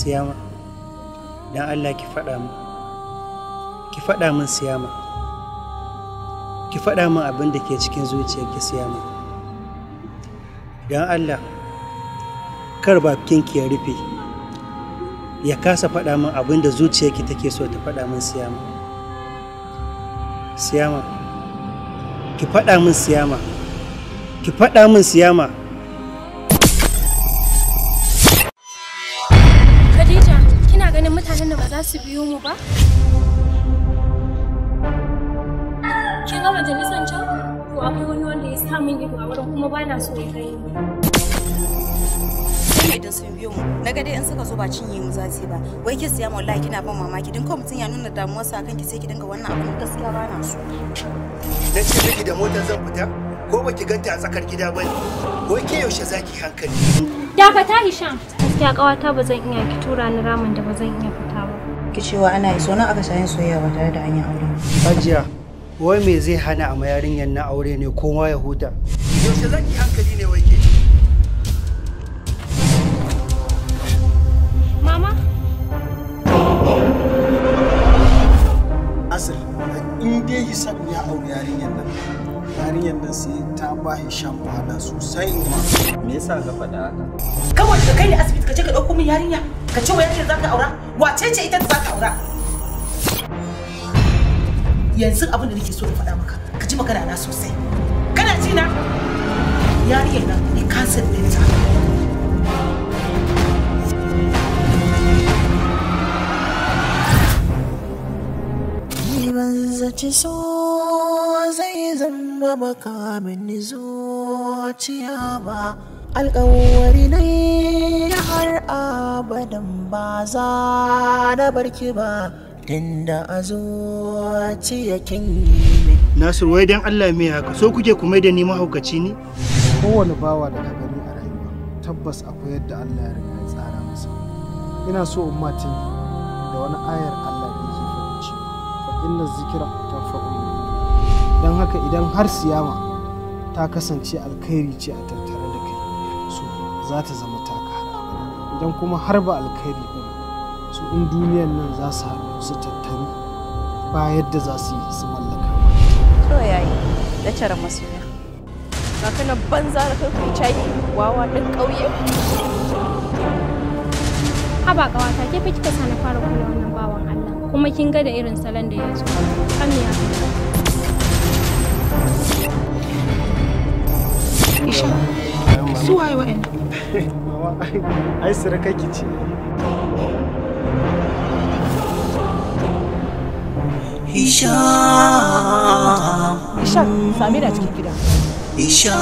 siyama don allah ki faɗa mu ki faɗa min siyama ki faɗa min abin da ke cikin ki siyama don allah kar ki ya rufe ya kasa faɗa min abin da zuciyarki take so ta faɗa min siyama siyama ki faɗa min siyama ki faɗa min siyama ganin mutanen da ba za su biyo mu ba? Kin ga majalisan can? Ko akwai wani wanda ya sa min ido a wurin kuma ba na so ya kai ni. idan sun biyo mu na ga dai in suka zo ba cinye mu za su ba wai ki siya wallahi kina ban mamaki din kawai mutum ya nuna damuwar sa kanki sai ki dinga wannan abin gaskiya ba na so dan ce miki da motar zan fita ko baki ganta a tsakar gida bane wai ke yaushe zaki hankali fata hisham gaskiya ƙawata ba zan iya ki tura ni ramin da ba zan iya fita ba ki cewa ana yi sonan aka sayin soyayya ba tare da an yi aure ajiya wai me zai hana a mayarin na aure ne ma ya huta yaushe zan yi hankali ne wai ke mama asir in dai hisab ya aure yarinyar nan yarinyar nan sai ta ba shan wahala sosai ma. Me yasa ka faɗa haka? Kawai ka kai ni asibiti ka je ka ɗauko min yarinya ka ce wa yarinyar za ka aura wace ce ita za ka aura? Yanzu abin da nake so ka faɗa maka ka ji magana na sosai. Kana ji na? Yarinyar nan ni kansar ɗinta. Ban zaci so na baka min zuciya ba alkawari ne har abadan ba za na barki ba tunda a zuciya kin Nasir wai dan Allah me haka so kuke kuma da ni mahaukaci ne kowane bawa da ka gani a rayuwa tabbas akwai yadda Allah ya riga ya tsara masa ina so ummatin da wani ayar Allah ke yake faɗi cewa fa inna zikra tanfa'u don haka idan har siyama ta kasance alkhairi ce a tattare da kai so za ta zama taka har idan kuma har ba alkhairi ba su in duniyan nan za su haɗu su tattaru ba yadda za su yi su mallaka ba. to yayi da cara masoya ba kana banza da kai kai caki wawa ɗin ƙauye. haba ƙawata ke fi kika sana fara kula wannan bawan Allah kuma kin ga da irin salon da ya zo kan ya Isha, su waye Isha. Isha, cikin gida. Isha.